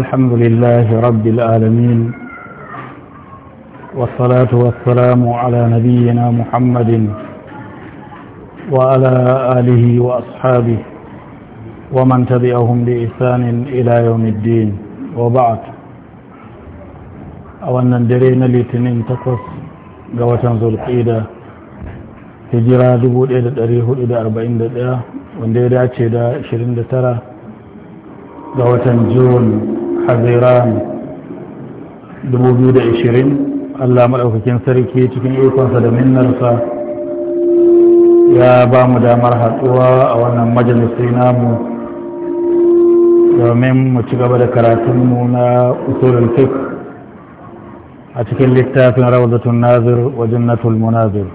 الحمد لله رب العالمين والصلاة والسلام على نبينا محمد وعلى آله وأصحابه ومن تبعهم بإحسان إلى يوم الدين وبعد أولا درينا لتنين تقص قوة ذو القيدة hijira 1441 wanda ya dace da 29 ga watan june haziran 2020 allah maɗaukakin sarki cikin ikonsa da minnarsa ya ba mu damar haɗuwa a wannan majalisi namu domin mu ci gaba da karatunmu na usulul fiqh a cikin littafin rawdatun nazir wa jannatul munazir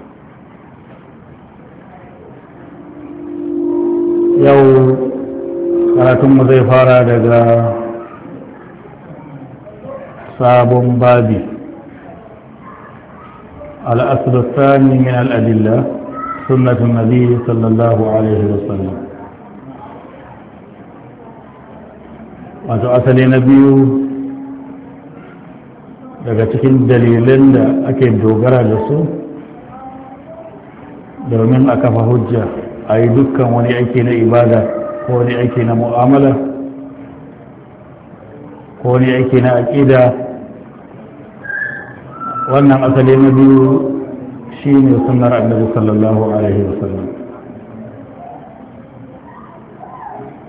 yau karatunmu zai fara daga sabon babi al'asar min al'adilla sunnatun nabi sallallahu alaihi wasallam wato asali na biyu daga cikin dalilan da ake dogara da su domin a kafa hujja a yi dukkan wani aiki na ibada ko wani aiki na mu'amala ko wani aiki na aƙida wannan asali na biyu shi ne sunar annabi sallallahu alaihi wasallam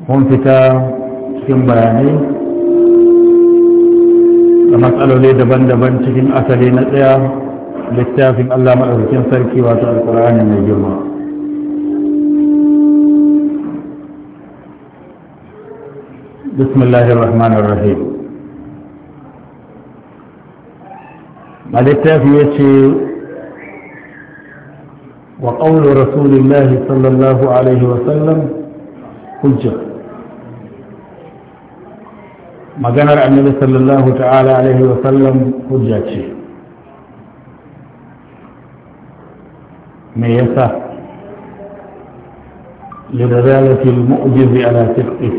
mun fita cikin bayanai da matsaloli daban-daban cikin asali na tsaya littafin allah maɗaukakin sarki wato alkur'ani mai girma bismillahir rahmanir rahim. malittafi ya ce wa ƙaunar rasulun sallallahu alaihi wasallam hujjar maganar annabi sallallahu ta'ala alaihi wasallam hujja ce mai yasa lidazalatin ma'ujizi ala tafi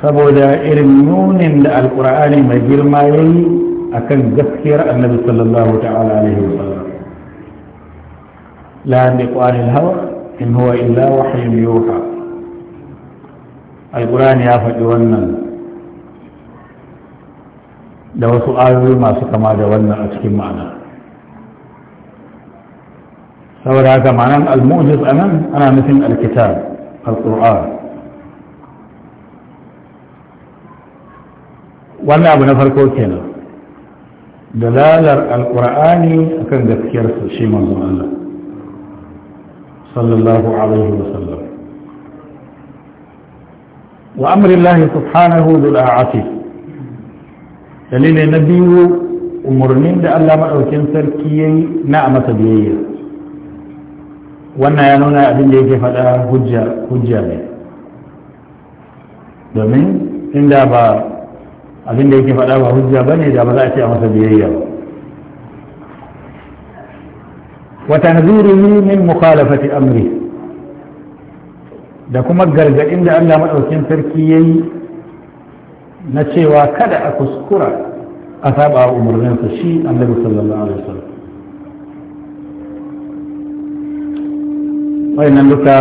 saboda irin nunin da alkur'ani mai girma yayi akan gaskiyar annabi sallallahu ta'ala alaihi wasallam la yandiqu anil hawa in huwa illa wahyun yuha alqur'ani ya faɗi wannan da wasu ayoyi masu kama da wannan a cikin ma'ana saboda haka ma'anan al-mu'jiz anan ana nufin al-kitab al-qur'an wannan abu na farko kenan dalalar alƙur'ani akan gaskiyar shi manzon Allah sallallahu alaihi wa sallam wa amrillahi subhanahu dhul a'ati dalilai na biyu umarnin da Allah maɗaukin sarki yayi na a masa biyayya wannan ya nuna abin da yake faɗa hujja ne domin inda ba abin da yake faɗa ba hujja ba ne da ba za a ce a masa biyayya wa tanzurihi min mukhalafati amri da kuma gargaɗin da Allah maɗaukin sarki ya yi na cewa kada a kuskura a saba wa umarninsa shi annabi sallallahu alaihi wasallam wayannan duka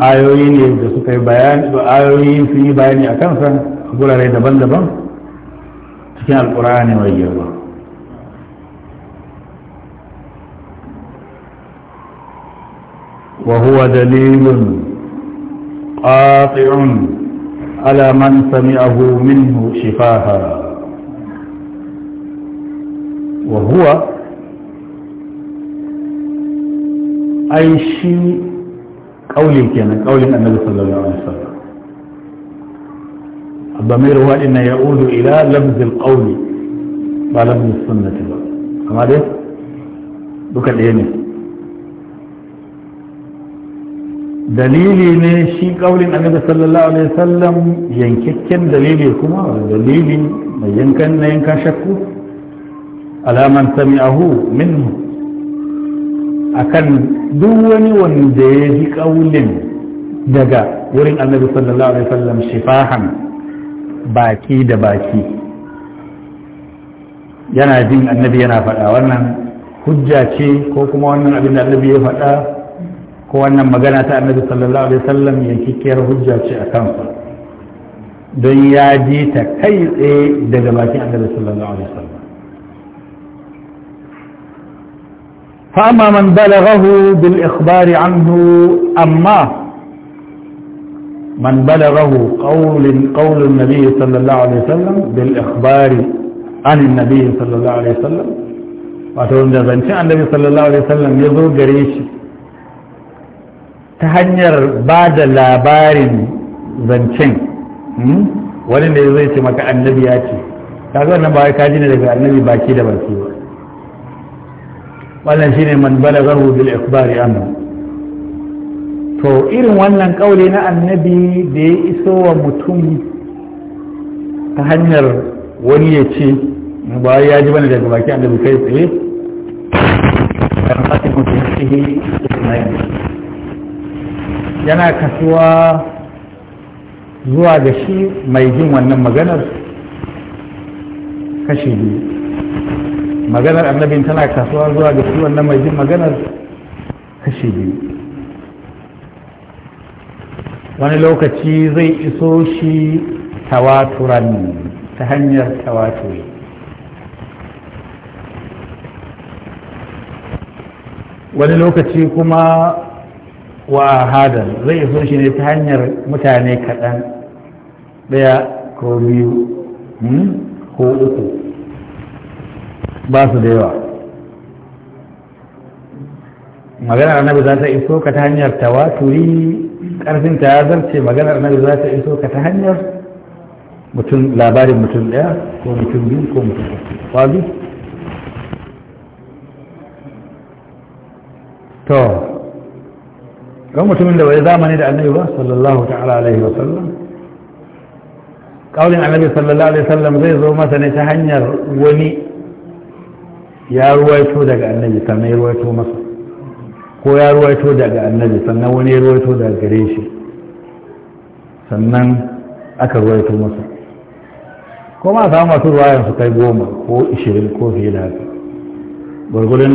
ayoyi ne da suka yi bayani da ayoyi sun yi bayani a kansa gurare daban-daban cikin alkurani mai girma وهو دليل قاطع على من سمعه منه شفاها وهو أي شيء قولي كان قول النبي صلى الله عليه وسلم الضمير هو إن يعود إلى لفظ القول لا لفظ السنة بقى كما ده دوكا ديني dalili ne shi kaulin annabi sallallahu alaihi wasallam yankakken dalili kuma dalili mai yankan na yankan shakku alaman sami'ahu minhu akan duk wani wanda ya ji ƙaunin daga wurin annabi sallallahu alaihi wasallam shifahan baki da baki yana jin annabi yana faɗa wannan hujja ce ko kuma wannan abin da annabi ya faɗa ko wannan magana ta annabi sallallahu alaihi wasallam yankikkiyar hujja ce a kansa don ya ji ta kai tsaye daga bakin annabi sallallahu alaihi wasallam فأما من بلغه بالإخبار عنه أما من بلغه قول قول النبي صلى الله عليه وسلم بالإخبار عن النبي صلى الله عليه وسلم وتقول جزنشاء النبي صلى الله عليه وسلم يزور قريش تهنير بعد لابار زنشن ولن يزيش مكا النبي ياتي kaga wannan ba kaji ne daga annabi baki da wannan shine man balagahu bil ikbari anhu to irin wannan kauli na annabi da ya iso wa mutum ta hanyar wani ya ce ba ya ji bane daga baki annabi kai tsaye yana kasuwa zuwa ga shi mai jin wannan maganar kashi biyu maganar annabin tana kasuwa zuwa ga shi wannan mai jin maganar kashi biyu wani lokaci zai iso shi tawaturan ta hanyar tawaturi wani lokaci kuma wa hadar zai iso shi ne ta hanyar mutane kaɗan ɗaya ko biyu hmm, ko uku ba su da yawa maganar annabi za ta iso ka ta hanyar tawaturi karfin ta ya zarce maganar annabi za ta iso ka ta hanyar mutum labarin mutum daya ko mutum biyu ko mutum kwabi to kan mutumin da bai zamani da annabi ba sallallahu ta'ala alaihi wa sallam kaulin annabi sallallahu alaihi wa sallam zai zo masa ne ta hanyar wani ya ruwaito daga annabi sannan ya ruwaito masa ko ya ruwaito daga annabi sannan wani ya ruwaito daga gare shi sannan aka ruwaito masa ko ma samu masu ruwayan su kai goma ko ishirin ko fiye da haka gwargwadon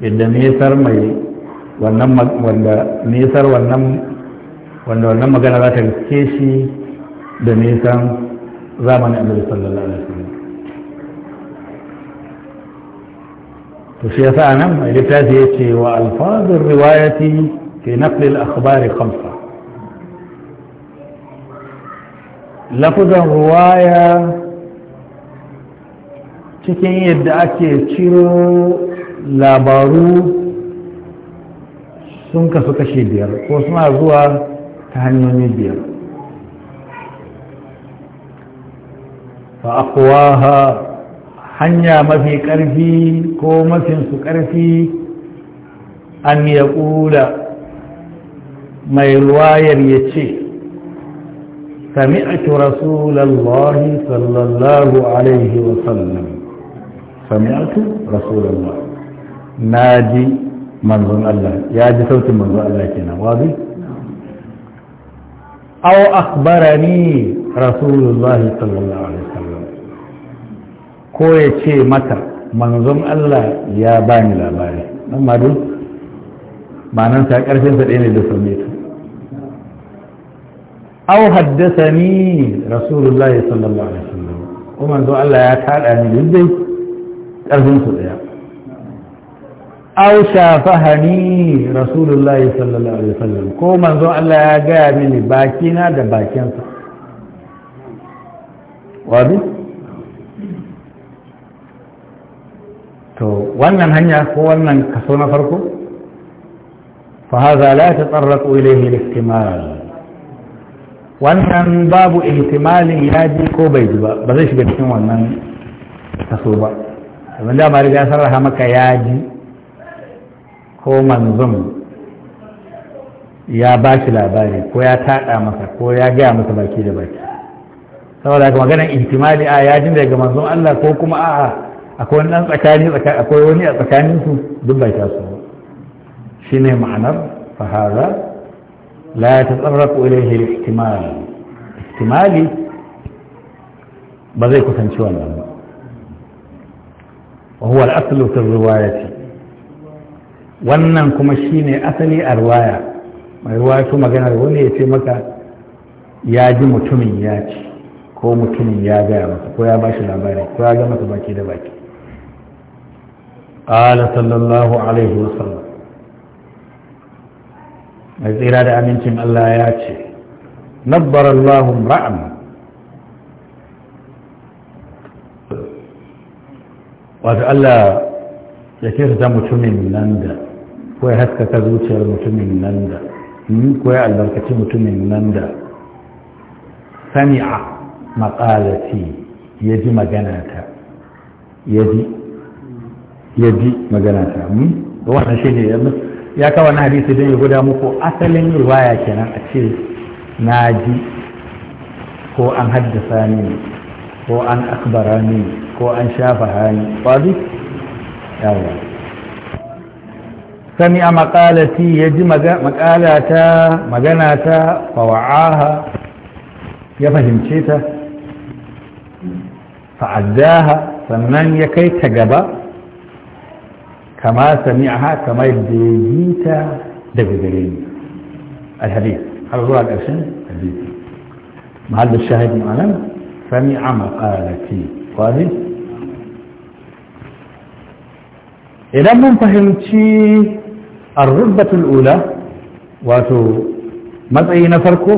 yadda nesar mai wannan wanda nesar wannan wanda wannan magana za ta riske shi da nisan zamanin annabi sallallahu alaihi wasallam to shi yasa nan littafi ya ce wa alfazin riwayati fi naqli al-akhbari khamsa lafazan ruwaya cikin yadda ake ciro labaru sun kasu kashe biyar ko suna zuwa ta hanyoyi biyar fa aqwaha hanya mafi ƙarfi ko mafinsu ƙarfi an ya ƙula mai ruwayar ya ce sami ake rasulallah sallallahu alaihi wasallam sami ake rasulallah na ji manzon Allah ya ji sautin manzon Allah ke na wazi au akbarani rasulullahi sallallahu alaihi wasallam ko ya ce mata manzon Allah ya bani labari nan madu duk ma'anan sa ƙarshen sa ɗaya ne da same ta haddasa ni rasulullahi sallallahu alaihi wasallam ko manzon Allah ya tada ni duk dai ƙarshen su ɗaya au shafahani rasulullahi sallallahu alaihi wasallam ko manzon Allah ya gaya mini bakina da bakinsa wadi to wannan hanya ko wannan kaso na farko fa hadha la tatarraqu ilayhi al-ihtimal wannan babu ihtimalin ya ji ko bai ji ba ba zai shiga cikin wannan kaso ba da dama riga sarraha maka ya ji ko manzum ya ba shi labari ko ya taɗa masa ko ya gaya masa baki da baki saboda haka maganar ihtimali a ya ji daga manzon Allah ko kuma a'a akwai wani ɗan tsakani akwai wani a tsakaninsu duk bai taso shi ne ma'anar fahara la ta tsarraku ilaihi ihtimali ihtimali ba zai kusanci wannan ba wa huwa al-aslu fi riwayati wannan kuma shi ne asali a riwaya mai riwayatu magana wani ya ce maka ya ji mutumin ya ci ko mutumin ya gaya masa ko ya ba shi labari ko ya ga masa baki da baki قال صلى الله عليه وسلم mai tsira da amincin Allah ya ce nabbar Allahun wato Allah ya kirta mutumin nan da ko ya haskaka zuciyar mutumin nan da ko ya albarkaci mutumin nan da sami'a maƙalati ya ji maganata ya ji ya bi magana ta wannan shi ne ya kawo na hadisi don ya guda muku asalin ruwaya kenan a ce na ji ko an haddasa ne ko an akbara ne ko an shafa ni kwazi yawa sami a makalati ya ji makalata magana ta fawa'aha ya fahimce ta fa'addaha sannan ya kai ta gaba كما سمعها كما يجيتا دغدرين الحديث هذا الاشن الحديث محل الشاهد معنا سمع مقالتي قال إذا من فهمتي الرتبة الأولى واتو مدعي نفركو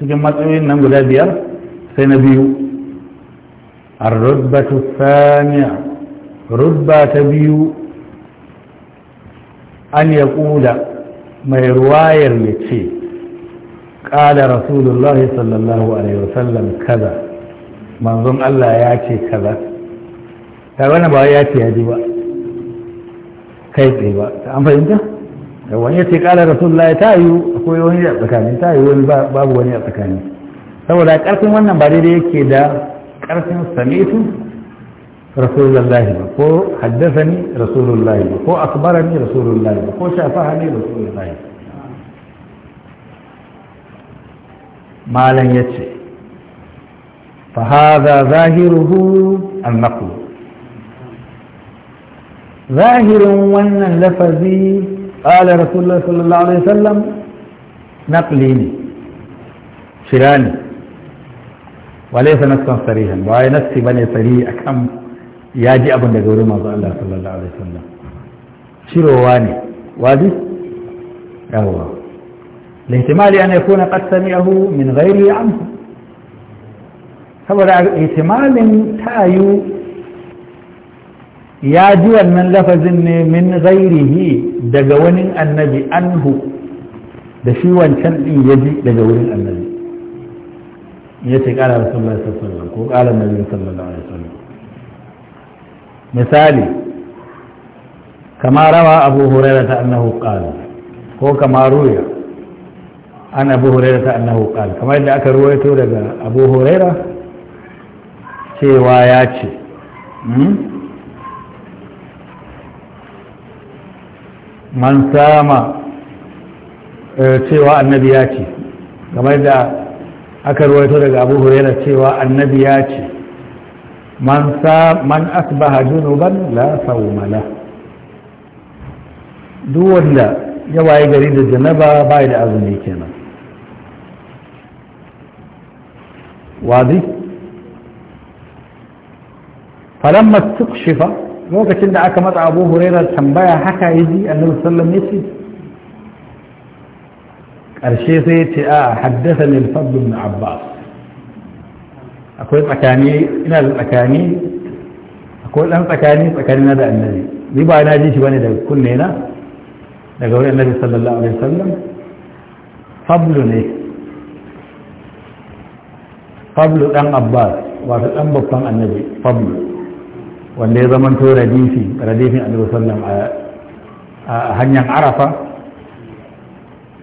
تجمع مدعي نمو لابير سنبيو الرتبة الثانية رتبة تبيو an ya kula mai ruwayar ya ce ƙada rasulullahi sallallahu alaihi wasallam kaza manzon Allah ya ce kaza ta wani ba ya ce ya ba kai tsaye ba an fahimta da wani ya ce ƙada rasulullahi ta yi akwai wani a tsakani ta yi wani babu wani a tsakani saboda ƙarfin wannan ba daidai yake da ƙarfin samitu رسول الله كو حدثني رسول الله كو أخبرني رسول الله كو شافهني رسول الله ما لن يتشي فهذا ظاهره النقل ظاهر وأن لفظي قال رسول الله صلى الله عليه وسلم نقليني شراني وليس نسخا صريحا وهي نسخ بني صريح كم ya ji abin da gauri manzo Allah sallallahu alaihi wasallam cirowa ne wadi yawa ihtimali an yakuna qad sami'ahu min ghairi anhu saboda ihtimalin tayu ya ji wannan lafazin ne min ghairihi daga wani annabi anhu da shi wancan din ya ji daga wurin annabi ya ce kala rasulullahi sallallahu alaihi wasallam ko kala nabi sallallahu alaihi wasallam misali kama rawa abu huraira ta annahu qala ko kama ruya an abu huraira ta annahu qala kamar yadda aka ruwaito daga abu huraira cewa ya ce hmm? man sama eh, cewa annabi ya ce kamar da aka ruwaito daga abu huraira cewa annabi ya ce من, سا من أصبح جنوبا لا صوم له دون لا يواي قريد الجنبة بايد أغني كنا واضح فلما استكشف lokacin da aka matsa abu hurairar tambaya haka ya ji annabi sallam ya ce ƙarshe sai ya ce a ah, haddasa ne fadlun abbas akwai tsakani ina da tsakani akwai ɗan tsakani tsakani na da annabi ni ba na ji shi bane daga kunne na daga wurin annabi sallallahu alaihi wasallam fablu ne fablu dan abbas wato dan babban annabi fablu wanda ya zama to radifi radifi annabi sallallahu alaihi a hanyar arafa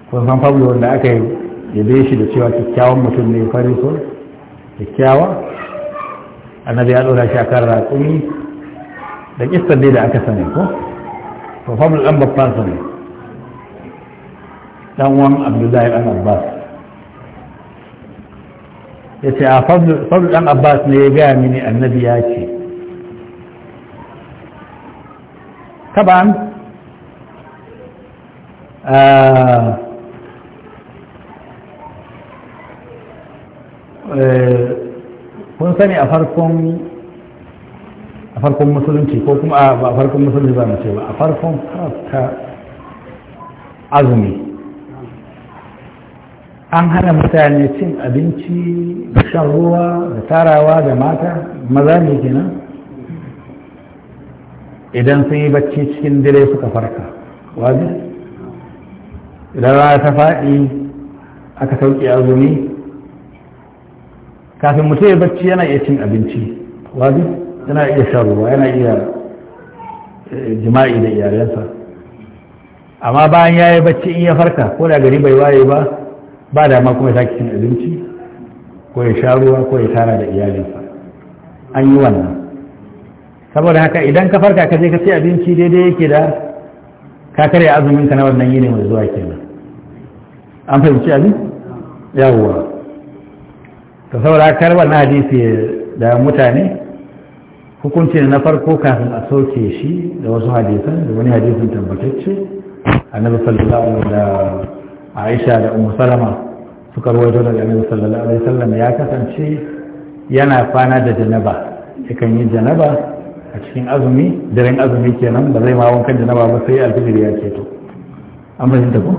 kun san fablu wanda aka yi da shi da cewa kyakkyawan mutum ne fariso kyakkyawa annabi ya dora shi akan raƙumi da kistar dai da aka sani ko to fabul dan babban sani dan wan abdullahi dan abbas ya ce a fabul dan abbas ne ya gaya mini annabi ya ce taban آه ah, kun eh, sani a farkon a farkon musulunci ko kuma a farkon musulunci ba mu ce ba a farkon ta azumi an hana mutane cin abinci da shan ruwa da tarawa da mata maza ne kenan idan sun yi bacci cikin dare suka farka wajen idan rana ta faɗi aka sauƙi azumi kafin mutum ya bacci yana iya cin abinci wazi yana iya sharuwa. yana iya eh, jima'i da iyalansa amma bayan ya yi bacci in ya farka ko da gari bai waye ba ba dama kuma ya sake cin abinci ko ya sha ruwa ko ya tara da iyalinsa an yi wannan saboda haka idan ka farka ka je ka ci abinci daidai yake da ka karya azumin ka na wannan yini mai zuwa kenan an fahimci abin yawwa to saura karɓar na hadisi da mutane hukunci na farko kafin a soke shi da wasu hadisan da wani hadisin tabbatacce a sallallahu alaihi wasallam da Aisha da Umar Salama suka rawaito daga annabi sallallahu alaihi wasallam ya kasance yana fana da janaba yakan yi janaba a cikin azumi daren azumi kenan ba zai ma wankan janaba ba sai alfijir ya ceto an fahimta ko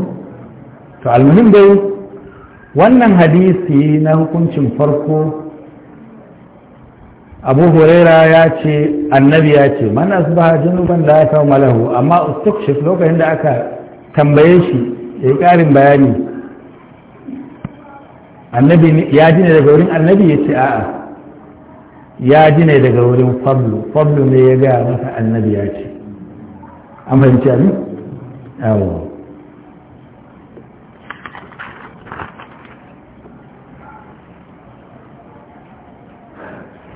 to almuhim dai wannan hadisi na hukuncin farko abu huraira ya ce annabi ya ce su ba junuban da aka malahu amma ustukshif lokacin da aka tambaye shi ya yi karin bayani annabi ya ji ne daga wurin annabi ya ce a'a ya ji ne daga wurin fablu fablu ne ya gaya masa annabi ya ce an fahimci abin yawon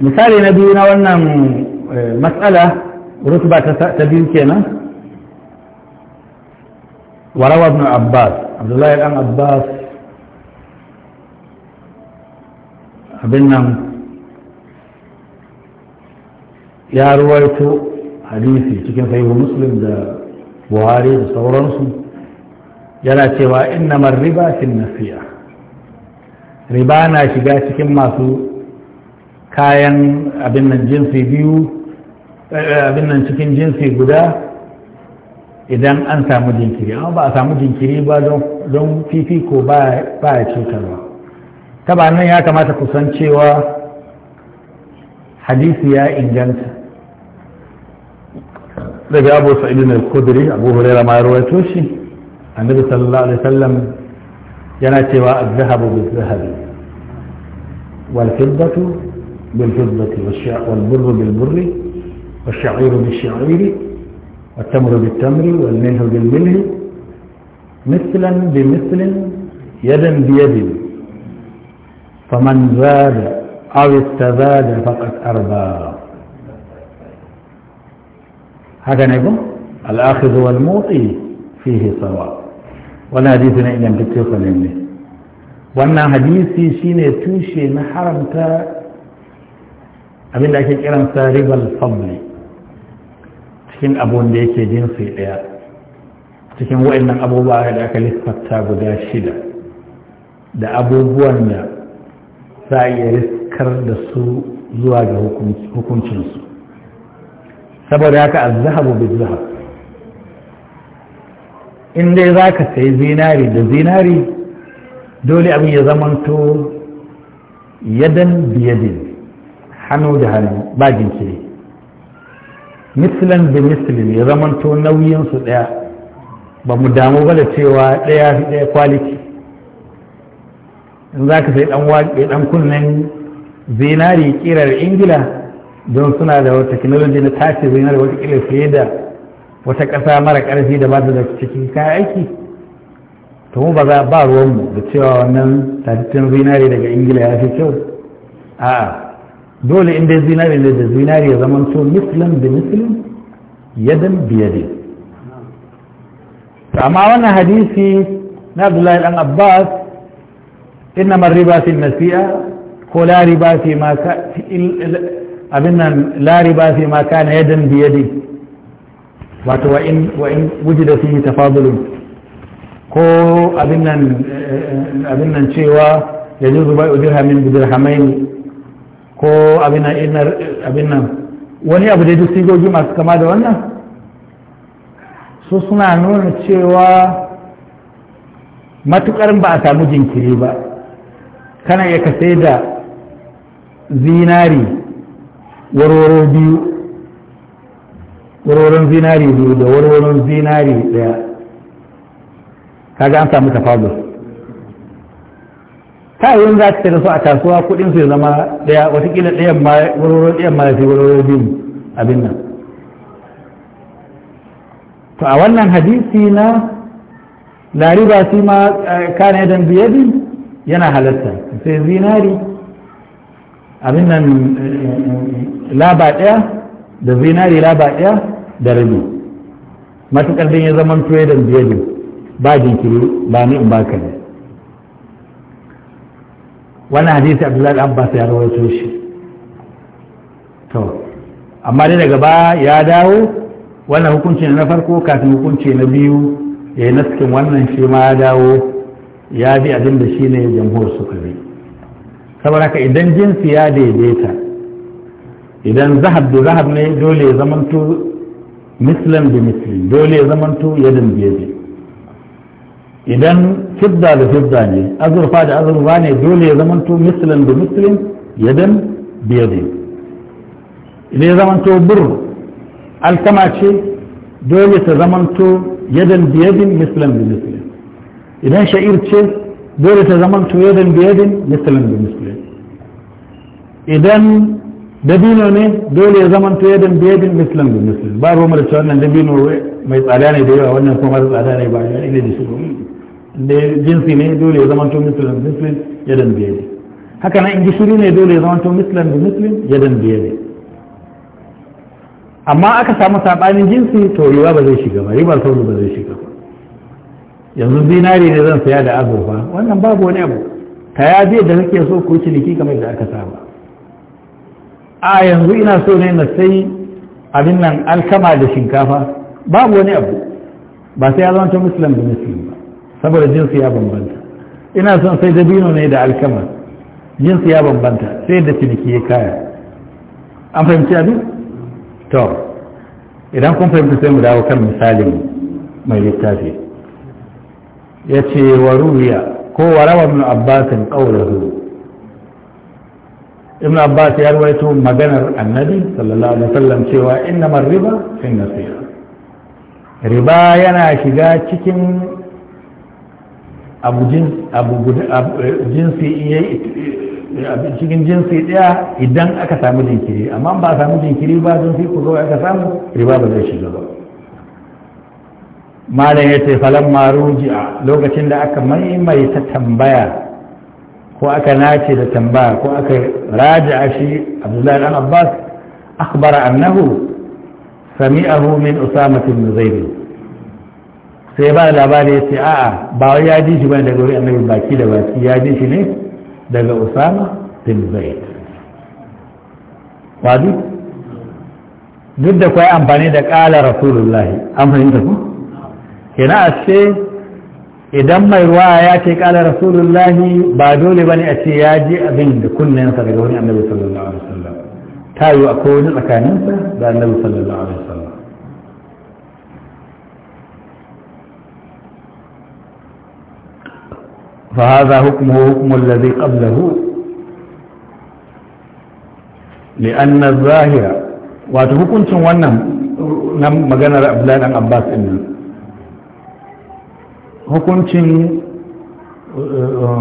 misali na biyu na wannan matsala rutuba ta biyu kenan وروى ابن عباس عبد الله بن عباس ابن يا رويت حديثي cikin sahihu muslim da buhari da sauransu yana cewa innamar riba fil nasiya riba na shiga cikin masu kayan abin nan jinsi biyu eh, abin nan cikin jinsi guda idan an samu jinkiri amma ba a samu jinkiri ba don fifiko ba ya cutarwa ta ba nan ya kamata kusan cewa hadisi ya inganta daga abu sa'idin al-kudri abu hurairah ma rawaito shi annabi sallallahu alaihi wasallam yana cewa az-zahabu bi-zahabi wal fiddatu بالفضة والبر بالبر والشعير بالشعير والتمر بالتمر والمنه بالمنه مثلا بمثل يدا بيد فمن زاد أو استزاد فقد أربى هكذا نقول الآخذ والموطي فيه سواء ولا حديثنا إن لم تتوقع منه وأن حديثي شيء tushe na abinda ake kiransa ribar fabli cikin abun da yake jinsi ɗaya cikin wa'annan abubuwa da aka lissafta guda shida da abubuwan da za a iya riskar da su zuwa ga hukuncinsu saboda haka azzahabu bi zahab in dai za ka sayi zinari da zinari dole abin ya zamanto yadan biyadin hannu da hannu ba jinkiri mislan da mislin ya zamanto nauyinsu ɗaya ba mu damu ba da cewa ɗaya fi ɗaya kwaliti in za ka sai ɗan waƙe ɗan kunnen zinari ƙirar ingila don suna da wata technology na tashi zinari wata ƙirar fiye da wata ƙasa mara ƙarfi da ba da cikin kayan aiki to mu ba za ba ruwanmu da cewa wannan tatattun zinari daga ingila ya fi kyau a'a دول ان ده زينار ان يا زمان شو مثلا بمثل يدا بيد فما وانا حديثي نبي الله الان عباس انما الربا في المسيئه كلا ربا في ما كان لا ربا في ما كان يدا بيد وإن wa in wa in wujida fi tafadulun ko abin nan abin nan cewa ko abin nan wani abu da duk sigogi masu kama da wannan su suna nuna cewa matukar ba a samu jinkiri ba kana iya kasai da zinari warwaro biyu warwaron zinari biyu da warwaron zinari daya kaga an samu tafadus ta yi za ta da su a kasuwa kudin su ya zama daya watakila ɗayan ma wurin ɗayan ma fi wurin biyu abin nan to a wannan hadisi na lariba su ma eh, kana biye bi yana halatta sai zinari abin nan eh, laba ɗaya da zinari laba ɗaya da rabi matuƙar din ya zama tuwe da bi ba jinkiri ba ni in ka ne wannan hadisi abdullahi abbas ya rawaito shi to amma dai daga ba ya dawo wannan hukunci na farko kafin hukunci na biyu ya yi naskin wannan shi ma ya dawo ya bi abin da shi ne jamhur suka bi saboda ka idan jinsi ya daidaita idan zahab da zahab ne dole ya zamanto muslim da muslim dole ya zamanto yadda biyu idan fidda da fidda ne azurfa da azurfa ne dole ya zamanto mislin da ya mislin yadan biyadi idan ya zamanto bur alkama ce dole ta zamanto yadan biyadin mislin da mislin idan sha'ir ce dole ta zamanto yadan biyadin mislin da mislin idan dabino ne dole ya zamanto yadan biyadin mislin da mislin ba ruwan da cewa wannan dabino mai tsada ne da yawa wannan kuma tsada ne ba ya ne da shi jinsi ne dole ya zamanto muslim muslim ya dan biye ne haka nan in gishiri ne dole ya zamanto muslim da muslim ya dan biye ne amma aka samu sabanin jinsi to riba ba zai shiga ba riba saulu ba zai shiga ba yanzu zinari ne zan saya da azurfa wannan babu wani abu ka ya biya da kake so ku ciniki kamar da aka saba a yanzu ina so ne na sai abin nan alkama da shinkafa babu wani abu ba sai ya ta musulun da musulun ba saboda jinsi ya bambanta ina son sai dabino ne da alkama jinsi ya bambanta sai da ciniki ya kaya an fahimci abin to idan kun fahimci sai mu dawo kan misalin mai littafi ya ce wa ruwiya ko wa rawa ibn abbasin qawluhu ibn abbas ya rawaito maganar annabi sallallahu alaihi wasallam cewa innamar riba fi nasira riba yana shiga cikin abu eh, jinsi eh, eh, cikin jinsi ɗaya idan aka samu jinkiri amma ba a samu jinkiri ba jinsi ku zo aka samu riba ba zai shiga ba malam ya ce falon maruji'a lokacin da aka maimaita tambaya ko aka nace da tambaya ko aka a shi abdullahi dan abbas akhbara annahu sami'ahu min usama bin sai ba labari ya ce a'a ba wai ya ji shi bane daga wurin annabi baki da baki ya ji shi ne daga usama bin zaid wadi duk da kai amfani da qala rasulullahi amfani fahimta ku kina a ce idan mai ruwa ya ce qala rasulullahi ba dole bane a ce ya ji abin da kunnensa daga wurin annabi sallallahu alaihi wasallam ta yi akwai wani tsakaninsa da annabi sallallahu alaihi wasallam فهذا حكمه حكم الذي قبله لأن الظاهر wato hukuncin wannan nan maganar abdullahi dan abbas din nan hukuncin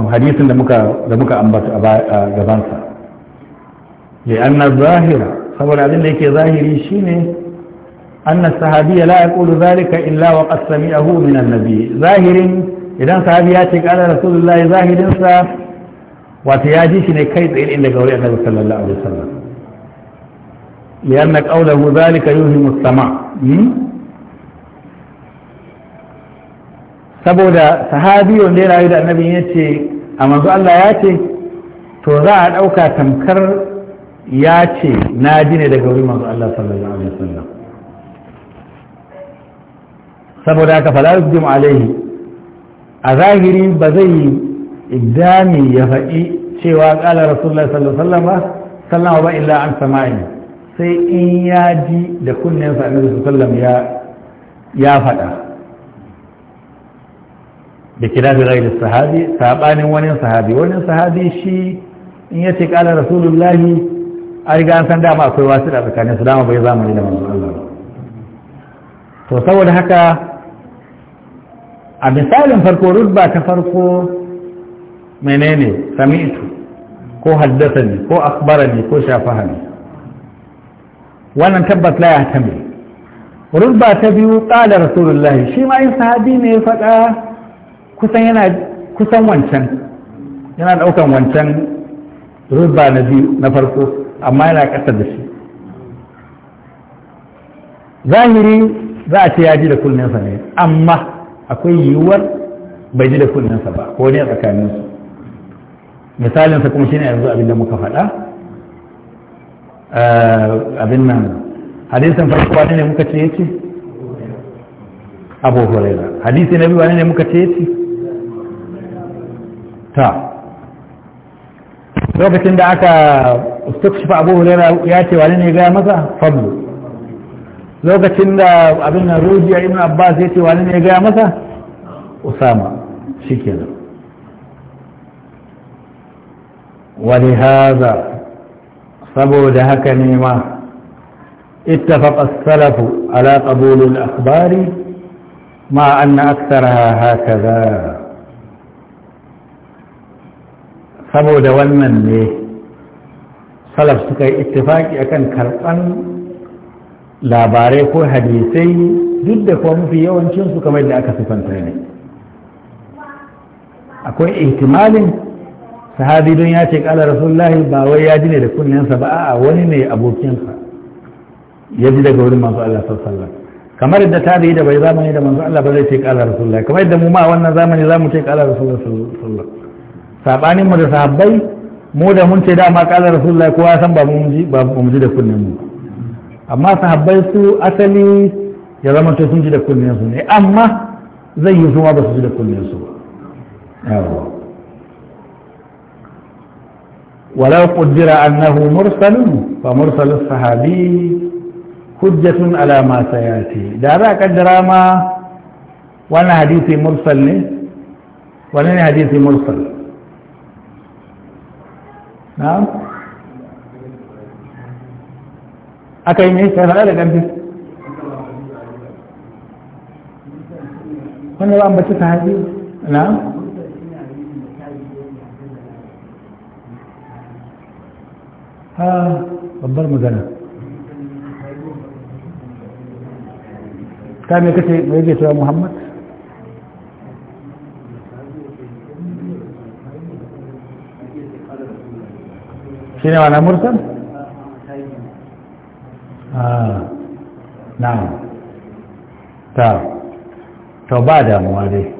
hadisin da muka ambata a gabansa li anna zahira saboda abin da yake zahiri shine anna sahabiya la yaqulu zalika illa wa qad sami'ahu min an-nabi zahirin idan sahabi ya ce kala rasulullahi zahidinsa wata ya ji shi ne kai tsaye inda ga wuri annabi sallallahu alaihi wasallam liyanna qawluhu zalika yuhi mustama hmm? saboda sahabi wanda ya rayu da annabi ya ce a manzo Allah ya ce to za a dauka tamkar ya ce na ji ne daga wurin manzo Allah sallallahu alaihi wasallam saboda haka fala yujum alaihi a zahiri ba zai idami ya faɗi cewa ƙala rasulullah sallallahu alaihi wasallam sallama ba illa an sama'i sai in ya ji da kunnen sa annabi sallallahu ya ya faɗa da kira da ghairi sahabi sabanin wani sahabi wani sahabi shi in ya ce ƙala rasulullahi a riga an san dama akwai wasu da tsakanin su dama bai zamani da manzo Allah to saboda haka a misalin farko rutba ta farko menene sami'tu ko haddasani ko akbarani ko shafahani wannan tabbas la ya tambaye rutba ta biyu qala rasulullahi shi ma in sahabi ne ya faɗa kusan yana kusan wancan yana ɗaukan wancan rutba na biyu na farko amma yana ƙasa da shi zahiri za a ce ya ji da kullum ne amma akwai yiwuwar bai ji da kudinsa ba ko ne a tsakaninsu misalinsa kuma shine yanzu abin da muka faɗa eh, abin nan hadisin farko wani ne muka ce ya ce abu horaira hadisi na biyu wani ne muka ce ya ce ta lokacin da aka stokshifa abu horaira ya ce wani ne gaya masa fablo lokacin da abin nan rujiya ibn abbas ya ce wani ne ya gaya masa usama shi ke nan wani haza saboda haka ne ma اتفق السلف على قبول الأخبار مع أن أكثرها هكذا saboda wannan ne salaf suka yi ittifaki akan karɓan labarai ko hadisai duk da kuma mafi yawancin su kamar da aka sifanta ne akwai ihtimalin sahabi don ya ce kala rasulullahi ba wai ya ji ne da kunnensa ba a'a wani ne abokinsa ya ji daga wurin manzo Allah sallallahu kamar yadda ta da bai zamani da manzo Allah ba zai ce kala rasulullahi kamar yadda mu ma wannan zamani za mu ce kala rasulullahi sallallahu sabanin mu da sahabbai mu da mun ce dama kala rasulullahi kowa san ba mu ji da kunnin mu ba amma sahabbai su asali ya zama to sun ji da kunniyarsu ne amma zai yi zuwa ba su ji da kunniyarsu ba ولو قدر أنه مرسل فمرسل الصحابي حجة على ما سيأتي دارك الدراما وانا حديثي مرسل وانا حديثي مرسل نعم aka yi mai sai da ƙarfi wanda ba ambaci sahabi na ha babbar magana ta me kace mai yake cewa muhammad shi ne wa na mursal ah na'am ta to ba damuwa dai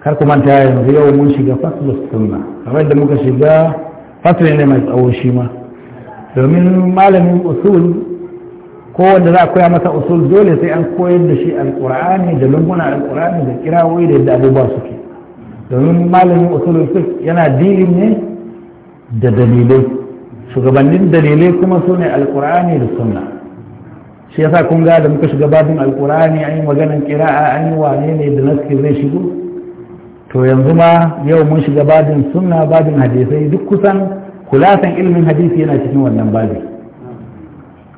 kar ku manta yanzu yau mun shiga faslus sunna kamar da muka shiga fasli ne mai tsawo shi ma domin malamin usul ko wanda za a koya masa usul dole sai an koyar da shi alkur'ani da lunguna alkur'ani da kirawoyi da yadda abubuwa suke domin malamin usul yana dilin ne da dalilai shugabannin dalilai kuma su ne alkur'ani da sunna shi yasa kun ga da muka shiga babin alkurani an yi maganan kira'a an yi wane ne da naskin zai shigo to yanzu ma yau mun shiga babin sunna babin hadisai duk kusan kulasan ilimin hadisi yana cikin wannan babi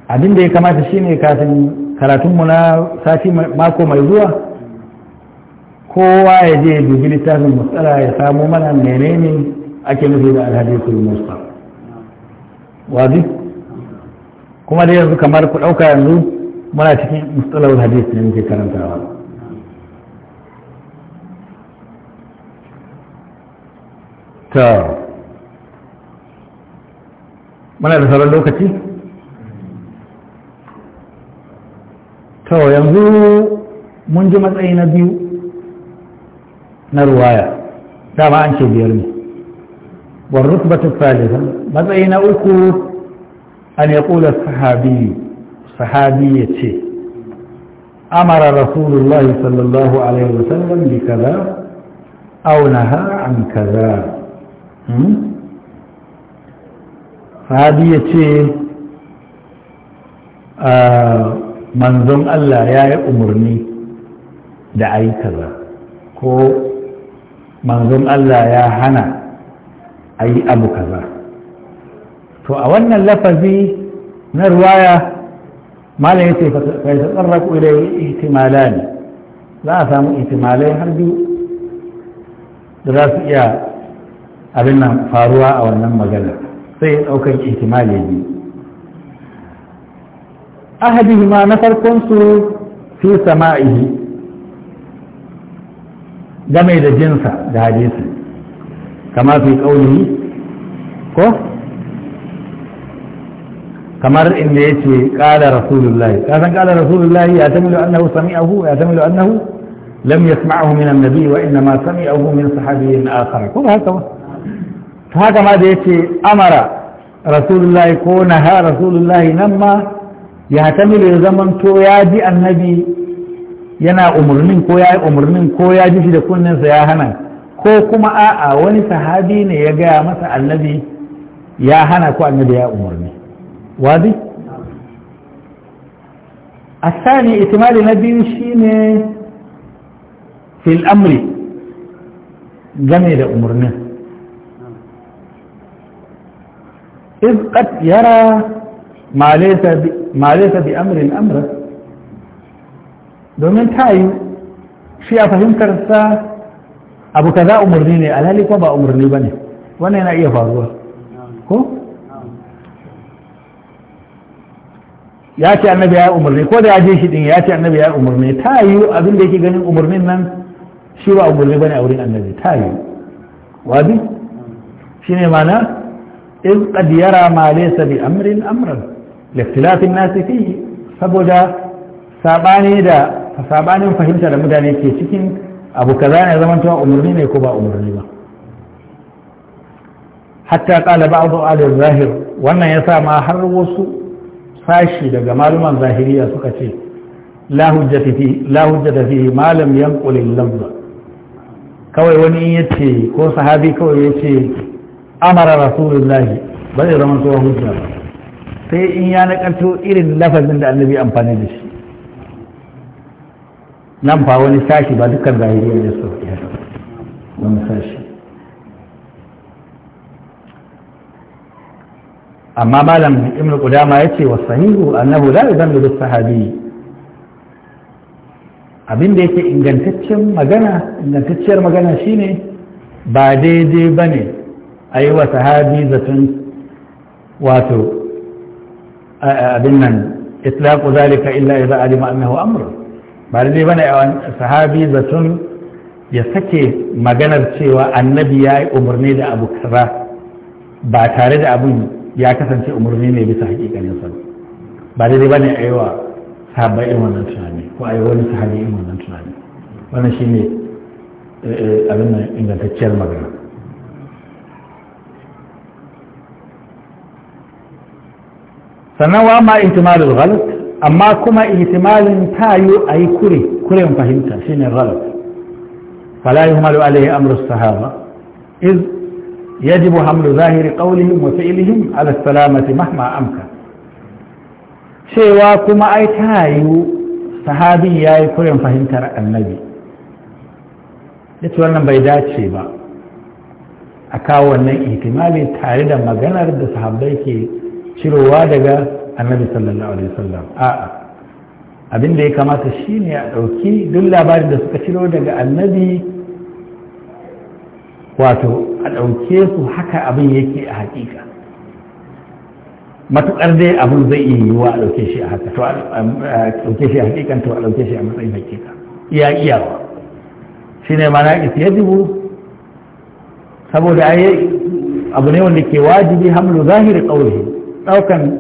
abin da ya kamata shine kafin karatunmu na sati mako mai zuwa kowa ya je dubi littafin matsala ya samo mana menene ake nufi da alhadisul wa duk kuma dai yanzu kamar ku ɗauka yanzu muna cikin mustalahul hadith ne muke karantawa ta muna da sauran lokaci to yanzu mun ji matsayi na biyu na ruwaya dama an ce biyar ne warrukbatu salisa matsayi na uku an ya kula sahabi sahabi ya ce amara rasulullahi sallallahu alaihi wasallam bi kaza aw naha an kaza sahabi ya ce manzon Allah ya yi umarni da a yi kaza ko manzon Allah ya hana a yi abu kaza to a wannan lafazi na ruwaya malam yace fa yatarraku ilayhi ne. za a samu itimalai har biyu da za su iya abin nan faruwa a wannan magana sai ya ɗaukar ihtimali biyu ma na farkon su fi sama'ihi game da jinsa da hadisi kama fi ƙaunihi ko kamar inda ya ce ƙala rasulullahi ƙasan ƙala rasulullahi ya tamilu annahu sami'ahu ya tamilu annahu lam yasma'ahu min annabi wa inna ma sami'ahu min sahabiyyin akhar ko ba haka ba ta haka ma da ce amara rasulullahi ko na ha rasulullahi nan ma ya ta milo ya zaman to ya ji annabi yana umarnin ko ya yi umarnin ko ya ji shi da kunninsa ya hana ko kuma a'a wani sahabi ne ya gaya masa annabi ya hana ko annabi ya umurni wazi Asani itimali na biyu shine fil amri game da umurnin iz qad yara ma laysa bi amrin amra domin tayi shi a fahimtar sa abu kaza umurni ne alhali kuma ba umurni ne, wannan yana iya faruwa ko ya ce annabi ya umarni ko da ya je shi din ya ce annabi ya umarni ta yi abin da yake ganin umarnin nan shi ba umarni bane a wurin annabi ta yi wabi shine mana in qad yara ma laysa bi amrin amran liktilafin nas fihi saboda sabani da sabanin fahimta da mutane ke cikin abu kaza ne zaman umarni ne ko ba umarni ba hatta qala ba'd ahli zahir wannan yasa ma har wasu sashi daga maluman zahiriya suka ce la hujjata fi malam yanqulil lamba. kawai wani ya ce ko sahabi kawai yace ce amara rasulullahi ba zai zama tsohon hujja ba sai in ya nakalto irin lafazin da annabi amfani da shi nan fa wani sashi ba dukkan zahiriya ne su ya sashi amma malam ibn qudama yace wa sahihu annahu la yadallu bis sahabi abin da yake ingantaccen magana ingantacciyar magana shine ba daidai bane ayi wa sahabi zaton wato abin nan itlaqu zalika illa idza alima annahu amr ba dai bane a sahabi zaton ya sake maganar cewa annabi ya yi umarni da abu kaza ba tare da abin ya kasance umarni ne bisa hakikanin sa ba daidai bane a yi wa sahabba irin wannan tunani ko a yi wani sahabi irin wannan tunani wannan shine eh, eh, abin nan ingantacciyar magana sannan wa ma ihtimalul ghalat amma kuma ihtimalin a yi kure kuren fahimta shine ghalat fala yuhmalu alayhi amru sahaba iz Yajibu حمل zahiri قولهم وفعلهم ilhim السلامة مهما أمكن cewa kuma ai ta yiwu sahabi ya yi kuren fahimtar annabi ya ce wannan bai dace ba a kawo wannan ihtimali tare da maganar da sahabbai ke cirowa daga annabi sallallahu alaihi wasallam a'a abin da ya kamata shine a ɗauki duk labarin da suka ciro daga annabi wato a ɗauke su haka abin yake a haƙiƙa matuƙar dai abin zai iya yi wa a ɗauke shi a haka to a ɗauke shi a hakikan to a ɗauke shi a matsayin haƙiƙa iya iyawa shi ne mana yajibu saboda ai abu ne wanda ke wajibi hamlu zahiri qawlihi ɗaukan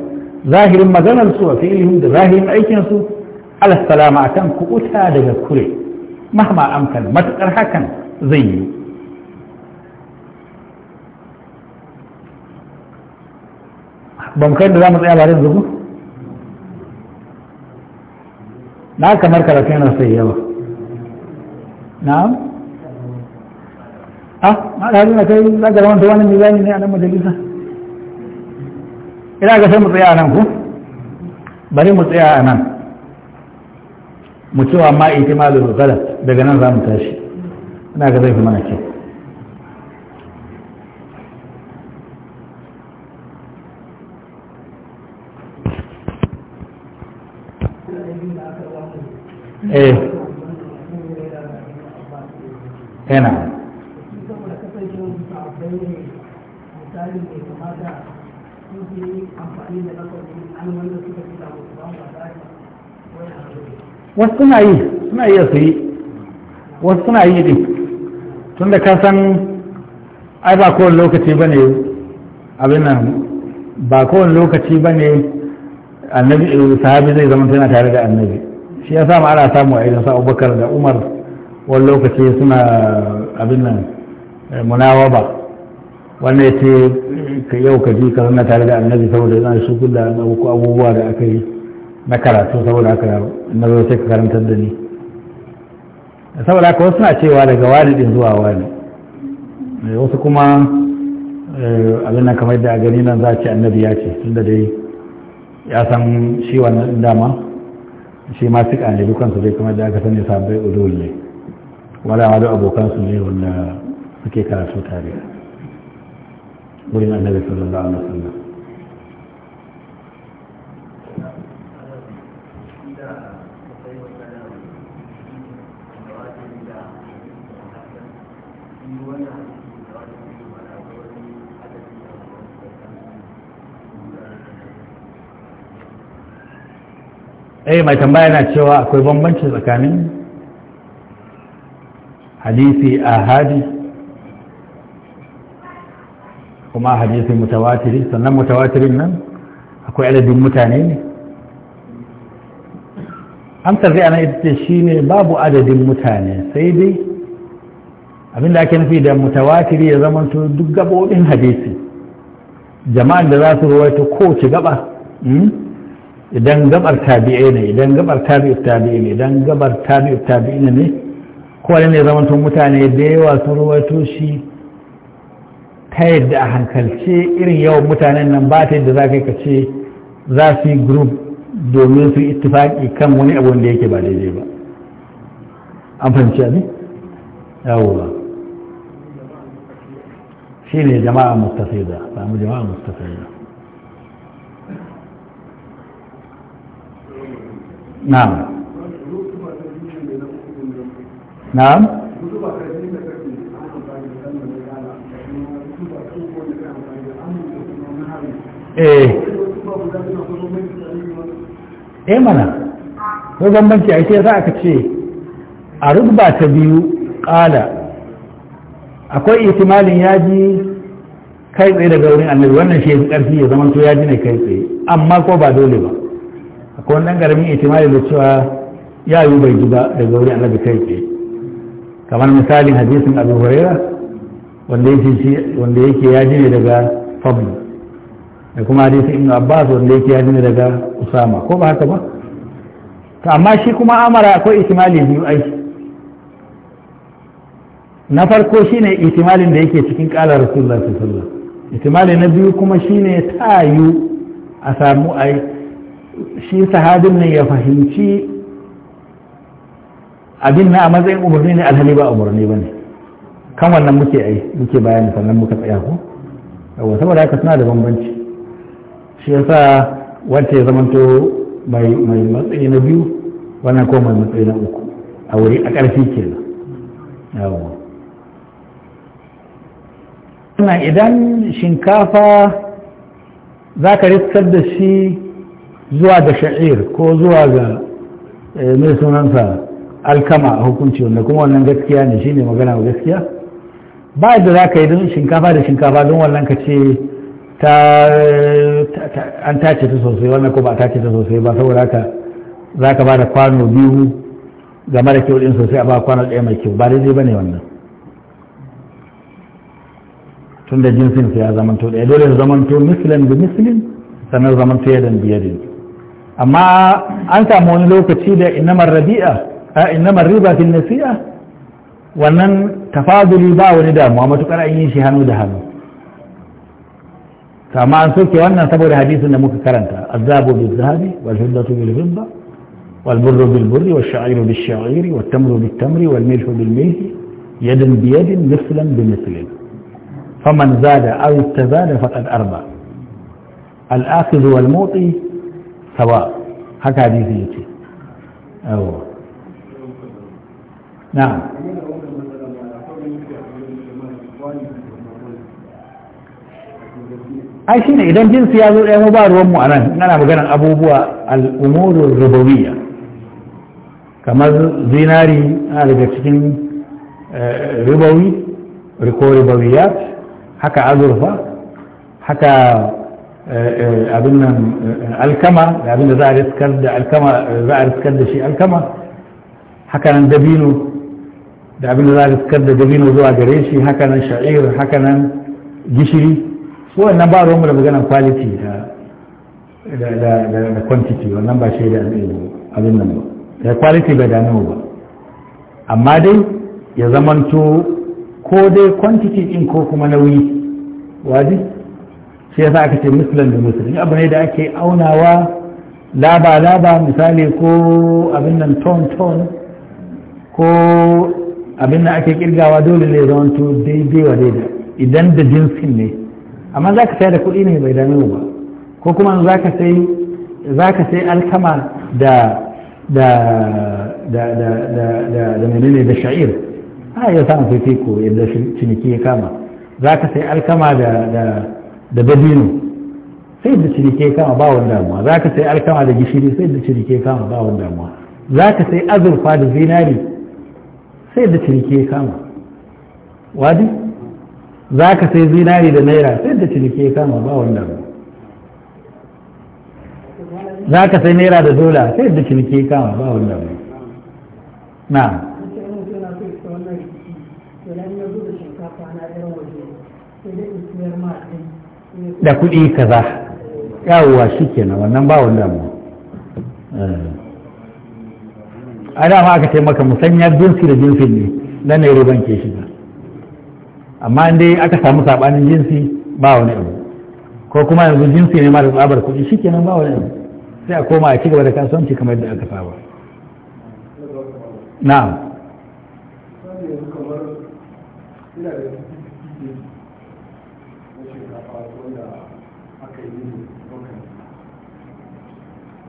zahirin maganar su wa fi'lihim da zahirin aikin su ala salama akan kuɓuta daga kure mahma amkan matakar hakan zai yi ban kai da za mu tsaya ba yanzu ku na kamar karatu yana sai yawa na'am ah ma da na kai za ka zama wani mizani ne a nan majalisa ina ga sai mu tsaya a nan ku bari mu tsaya a nan mu cewa ma itimalul galat daga nan za mu tashi ina ga zai fi mana kyau eh yana wasu suna yi suna iya su yi wasu suna yi ne tun da san ai ba kowane lokaci ba ne abin nan ba kowane lokaci ba ne annabi sahabi zai zama tana tare da annabi shi ya samu ana samu a idan su abubakar da umar wani lokaci suna abin nan eh, munawaba wanda ya ce ka yau ka ji ka zanna tare da annabi saboda yana shi kula na uku abubuwa da aka yi na karatu saboda aka na zo sai ka karantar da ni saboda haka wasu na cewa daga walidin din zuwa wani eh, wasu kuma eh, abin nan kamar da a gani nan za a ce annabi ya ce tunda dai ya san shi wannan dama shi ma suka annabi kansu zai kuma da aka sani sabai ulul ne wala ma abokan su ne wanda suke karatu tare wurin annabi sallallahu alaihi wasallam ɗaya eh, mai tambaya na cewa akwai bambanci tsakanin hadisi a Hadi? kuma hadisi mutawatiri sannan mutawatirin nan akwai adadin mutane ne amsar zai ana ita ce ne babu adadin mutane sai dai abinda ake nufi da mutawatiri ya zamanto duk gabobin hadisi jama'an da za su ruwaito kowace gaba hmm? idan gabar tabi'ai ne idan gabar tabi'i tabi'i ne idan gabar tabi'u tabi'i ne ko ne tun mutane da yawa sun ruwaito shi ta yadda a hankalce irin yawan mutanen nan ba ta yadda za ka ce za su yi group domin su ittifaki kan wani abu da yake ba daidai ba an fahimci ne ba shi ne jama'a mustafida samu jama'a mustafida na'am na'am eh. eh mana ko bambanci ake ce za aka ce a rubba ta biyu ƙala akwai itimalin yaji kai tsaye daga wurin annabi wannan shi ya fi ƙarfi ya zama to yaji ne kai tsaye amma ko ba dole ba ko wannan garamin itimali da cewa ya yi bai ji ba daga wuri annabi kai tsaye kamar misalin hadisin abu huraira wanda yake ya ne daga fablu da kuma hadisin ibn abbas wanda yake ya ne daga usama ko ba haka ba to amma shi kuma amara akwai itimali biyu ai na farko shine itimalin da yake cikin kala rasulullah sallallahu alaihi wasallam itimali na biyu kuma shine tayu a samu ai shi sahabin nan ya fahimci abin na a matsayin umarni ne alhali ba umarni ba ne kan wannan muke ai muke bayani sannan muka tsaya ko yawa saboda haka suna da bambanci shi ya sa wacce ya zamanto mai matsayi na biyu wannan ko mai matsayi na uku a wuri a ƙarfi kenan yawa idan shinkafa za ka da shi zuwa ga sha'ir ko zuwa ga eh, mai sunansa alkama a hukunci wanda kuma wannan gaskiya ne shine magana gaskiya ba da za ka yi don shinkafa da shinkafa don wannan ka ce an tace ta sosai wannan ko ba a tace ta sosai ba saboda haka za ka ba da kwano biyu ga mara kyau din sosai a ba kwano ɗaya mai kyau ba daidai ba ne wannan tun da jinsin ya zamanto ɗaya dole zamanto mislin da mislin sannan zamanto biyar biyadin amma an samu wani lokaci da innamar rabi'a a innamar riba fil nasi'a wannan tafaduli ba wani damuwa matukar an yi shi hannu da hannu kama an soke wannan saboda hadisin da muka karanta azabu bil zahabi wal hiddatu bil hidda wal burru bil burri wal sha'iru bil sha'iri wat tamru bil tamri wal milhu bil milhi yadan bi yadin mislan bi mislin faman zada aw tazada faqad arba al akhidhu wal muti سواء حتى في يتي أو أيوة. نعم أي شيء إذا جنس يا يا مبار وام أنا أنا بقول أنا أبو بوا الأمور الربوية كما زيناري هذا بيتكلم آه، ربوي ركوع ربويات حكى عذرفة حكى abin nan alkama da abin da za a riskar da alkama za a riskar da shi alkama hakanan dabino da abin da za a riskar da dabino zuwa gare shi hakanan sha'ir hakanan gishiri su wannan ba ruwanmu da maganar quality da da quantity wannan ba shi da abin nan ba da quality bai da ba amma dai ya zamanto ko dai quantity din ko kuma nauyi wadi shi sa aka ce musulun da musulun abu ne da ake aunawa laba-laba misali ko abin nan ton-ton ko abin da ake kirgawa dole ne to daidai wa daidai idan da jinsin ne amma za ka sai da kuɗi ne bai dami ba ko kuma za ka sai alkama da da da da da da da sha'ir a ah, ya samu fifiko yadda ciniki ya kama za ka sai alkama da da da dabino sai da cinike kama ba wani damuwa za ka sai alkama da gishiri sai da cinike kama ba wani damuwa za ka sai azurfa da zinari sai da cinike kama wadi za ka sai zinari da naira sai da cinike kama ba wani damuwa za ka sai naira da dola sai da cinike kama ba wani damuwa na'am da kuɗi kaza yawowa shi kenan wannan ba wani damu eh. a dama aka taimaka maka musanyar jinsi da jinsin ne na ne banke ke shiga amma in dai aka samu sabanin jinsi ba wani abu ko kuma yanzu jinsi ne ma da tsabar kuɗi shi nan ba wani abu sai a koma a cigaba da kasuwanci kamar yadda aka saba na'am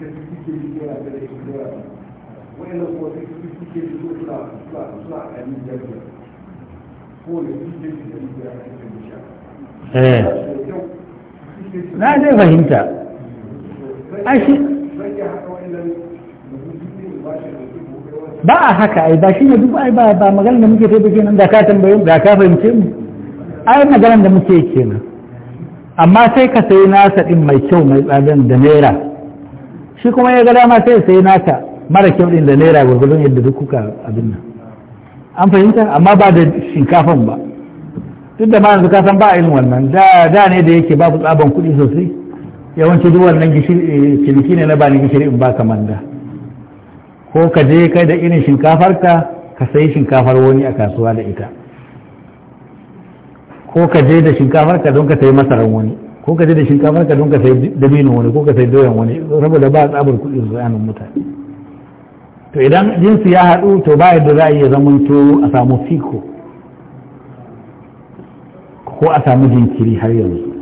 da suke da na zai fahimta ba a haka ai ba shi ne duk ai ba ba da muke taimake nan da ka tambaye da ka fahimce mu ai magana da muke kenan amma sai ka sayi nasa din mai kyau mai tsadan da naira shi kuma ya ga dama sai sai naka mara kyau din da naira gwargwadon yadda duk kuka abin nan an fahimta amma ba da shinkafan ba duk da ma yanzu ka san ba a yin wannan da ne da yake babu tsaban kuɗi sosai yawanci duk wannan eh, ciniki ne na ba ni gishiri in ba kamar da ko ka je kai da irin shinkafar ka ka sayi shinkafar wani a kasuwa da ita ko ka je da shinkafar ka don ka sayi masaran wani ko ka je da shinkafar ka don ka sai dabino wani ko ka sai doyan wani saboda ba tsabar kuɗi su tsayanin mutane to idan jinsi ya haɗu to ba yadda za a iya to a samu fiko ko a samu jinkiri har yanzu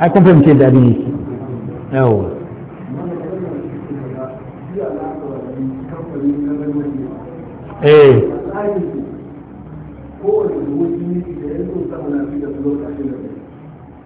ai kun fahimce da abin yake yawa eh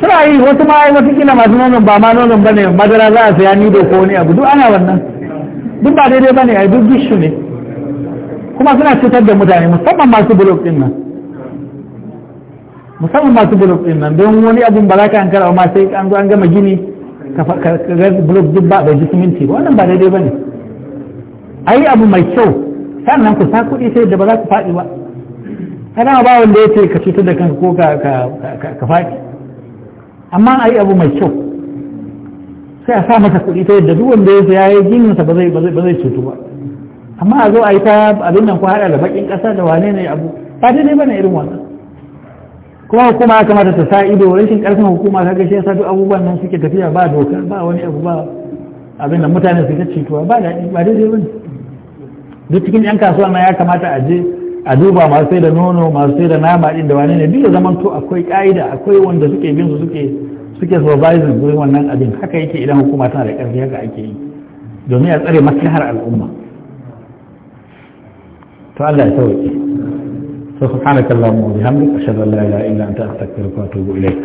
suna yi wasu ma yi wasu kila masu nonon ba ma nonon ba ne madara za a saya ni da ko wani abu duk ana wannan duk ba daidai ba ne a duk gishu ne kuma suna cutar da mutane musamman masu blog din nan musamman masu blog din nan don wani abin ba za ka an karawa ma sai an an gama gini ka ga blog duk ba bai ji siminti ba wannan ba daidai ba ne a yi abu mai kyau sannan ku sa kuɗi sai da ba za ku faɗi ba kana ba wanda ya ce ka cutar da kanka ko ka faɗi amma a yi abu mai kyau sai a sa mata kuɗi ta yadda duk wanda ya saya ya jininsa ba zai ba zai cutu ba amma a zo a yi ta abin nan ko haɗa da baƙin ƙasa da wane ne abu ba daidai ba na irin wannan kuma hukuma ya kamata ta sa ido rashin ƙarfin hukuma ta gashi yasa duk abubuwan nan suke tafiya ba doka ba wani abu ba abin da mutane su ta cutuwa ba daidai ba ne duk cikin 'yan kasuwa na ya kamata a je a duba masu sai da nono masu sai da nama din da wani ne duk zaman to akwai ka'ida akwai wanda suke bin su suke suke supervising gurin wannan abin haka yake idan hukuma tana da ƙarfi haka ake yi domin a tsare maslahar al'umma to Allah ya sauke wa bihamdika ashhadu an la ilaha illa anta astaghfiruka wa atubu ilayk